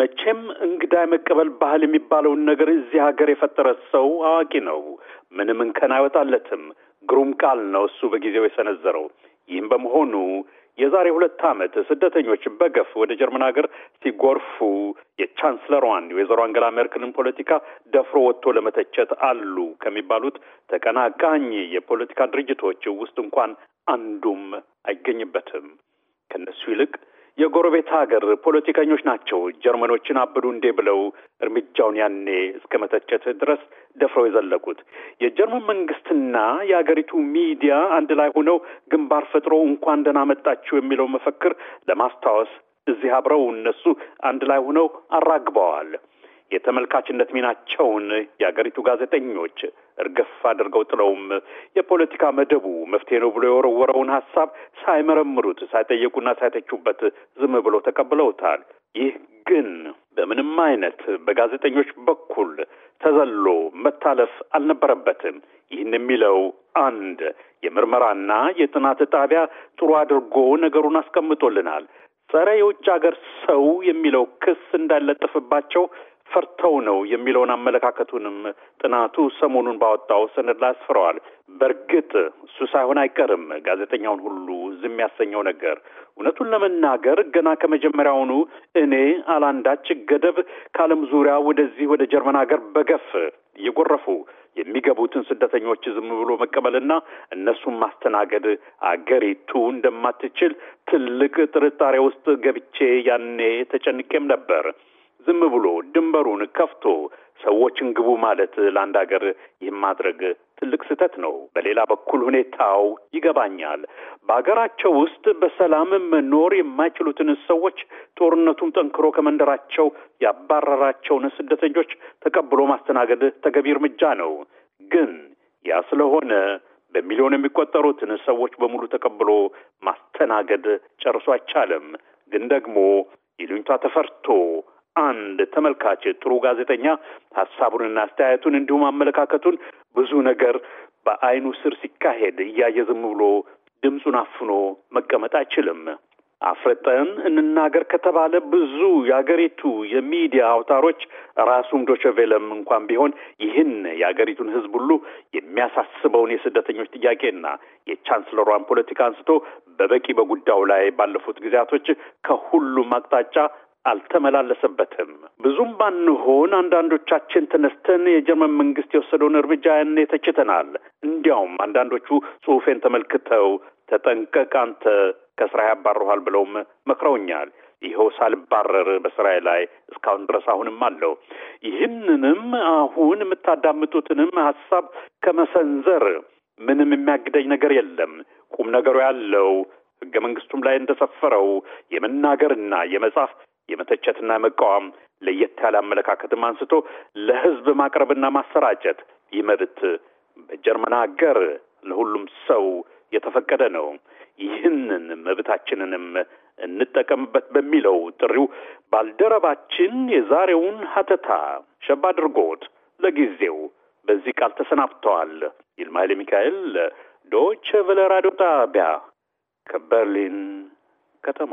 መቼም እንግዳ የመቀበል ባህል የሚባለውን ነገር እዚህ ሀገር የፈጠረ ሰው አዋቂ ነው። ምንም እንከን አይወጣለትም። ግሩም ቃል ነው እሱ በጊዜው የሰነዘረው። ይህም በመሆኑ የዛሬ ሁለት ዓመት ስደተኞች በገፍ ወደ ጀርመን ሀገር ሲጎርፉ የቻንስለሯን የወይዘሮ አንገላ ሜርክልን ፖለቲካ ደፍሮ ወጥቶ ለመተቸት አሉ ከሚባሉት ተቀናቃኝ የፖለቲካ ድርጅቶች ውስጥ እንኳን አንዱም አይገኝበትም። ከእነሱ ይልቅ የጎረቤት ሀገር ፖለቲከኞች ናቸው ጀርመኖችን አብዱ እንዴ ብለው እርምጃውን ያኔ እስከ መተቸት ድረስ ደፍረው የዘለቁት። የጀርመን መንግስትና የአገሪቱ ሚዲያ አንድ ላይ ሆነው ግንባር ፈጥሮ እንኳን ደህና መጣችሁ የሚለው መፈክር ለማስታወስ እዚህ አብረው እነሱ አንድ ላይ ሆነው አራግበዋል። የተመልካችነት ሚናቸውን የአገሪቱ ጋዜጠኞች እርገፍ አድርገው ጥለውም የፖለቲካ መደቡ መፍትሄ ነው ብሎ የወረወረውን ሀሳብ ሳይመረምሩት ሳይጠየቁና ሳይተቹበት ዝም ብሎ ተቀብለውታል። ይህ ግን በምንም አይነት በጋዜጠኞች በኩል ተዘሎ መታለፍ አልነበረበትም። ይህን የሚለው አንድ የምርመራና የጥናት ጣቢያ ጥሩ አድርጎ ነገሩን አስቀምጦልናል። ጸረ የውጭ ሀገር ሰው የሚለው ክስ እንዳለጠፍባቸው ፈርተው ነው የሚለውን አመለካከቱንም ጥናቱ ሰሞኑን ባወጣው ሰነድ ላይ አስፍረዋል። በእርግጥ እሱ ሳይሆን አይቀርም ጋዜጠኛውን ሁሉ ዝም የሚያሰኘው ነገር። እውነቱን ለመናገር ገና ከመጀመሪያውኑ እኔ አላንዳች ገደብ ከዓለም ዙሪያ ወደዚህ ወደ ጀርመን ሀገር በገፍ እየጎረፉ የሚገቡትን ስደተኞች ዝም ብሎ መቀበልና እነሱን ማስተናገድ አገሪቱ እንደማትችል ትልቅ ጥርጣሬ ውስጥ ገብቼ ያኔ ተጨንቄም ነበር። ዝም ብሎ ድንበሩን ከፍቶ ሰዎችን ግቡ ማለት ለአንድ ሀገር ይህም ማድረግ ትልቅ ስህተት ነው። በሌላ በኩል ሁኔታው ይገባኛል። በሀገራቸው ውስጥ በሰላም መኖር የማይችሉትን ሰዎች ጦርነቱን ጠንክሮ ከመንደራቸው ያባረራቸውን ስደተኞች ተቀብሎ ማስተናገድ ተገቢ እርምጃ ነው። ግን ያ ስለሆነ በሚሊዮን የሚቆጠሩትን ሰዎች በሙሉ ተቀብሎ ማስተናገድ ጨርሶ አይቻልም። ግን ደግሞ ይሉኝታ ተፈርቶ አንድ ተመልካች ጥሩ ጋዜጠኛ ሀሳቡንና አስተያየቱን እንዲሁም አመለካከቱን ብዙ ነገር በአይኑ ስር ሲካሄድ እያየ ዝም ብሎ ድምፁን አፍኖ መቀመጥ አይችልም። አፍረጠን እንናገር ከተባለ ብዙ የአገሪቱ የሚዲያ አውታሮች ራሱም ዶቸቬለም እንኳን ቢሆን ይህን የአገሪቱን ሕዝብ ሁሉ የሚያሳስበውን የስደተኞች ጥያቄና የቻንስለሯን ፖለቲካ አንስቶ በበቂ በጉዳዩ ላይ ባለፉት ጊዜያቶች ከሁሉም አቅጣጫ አልተመላለሰበትም። ብዙም ባንሆን አንዳንዶቻችን ተነስተን የጀርመን መንግስት የወሰደውን እርምጃ ያኔ ተችተናል። እንዲያውም አንዳንዶቹ ጽሑፌን ተመልክተው ተጠንቀቅ፣ አንተ ከስራ ያባረኋል ብለውም መክረውኛል። ይኸው ሳልባረር በስራዬ ላይ እስካሁን ድረስ አሁንም አለው። ይህንንም አሁን የምታዳምጡትንም ሀሳብ ከመሰንዘር ምንም የሚያግደኝ ነገር የለም። ቁም ነገሩ ያለው ህገ መንግስቱም ላይ እንደሰፈረው የመናገርና የመጻፍ የመተቸትና መቃወም ለየት ያለ አመለካከትም አንስቶ ለህዝብ ማቅረብና ማሰራጨት ይህ መብት በጀርመን ሀገር ለሁሉም ሰው የተፈቀደ ነው። ይህንን መብታችንንም እንጠቀምበት በሚለው ጥሪው ባልደረባችን የዛሬውን ሀተታ ሸባ አድርጎት ለጊዜው በዚህ ቃል ተሰናብተዋል። ይልማ ኃይለ ሚካኤል ዶይቼ ራዲዮ ጣቢያ ከበርሊን ከተማ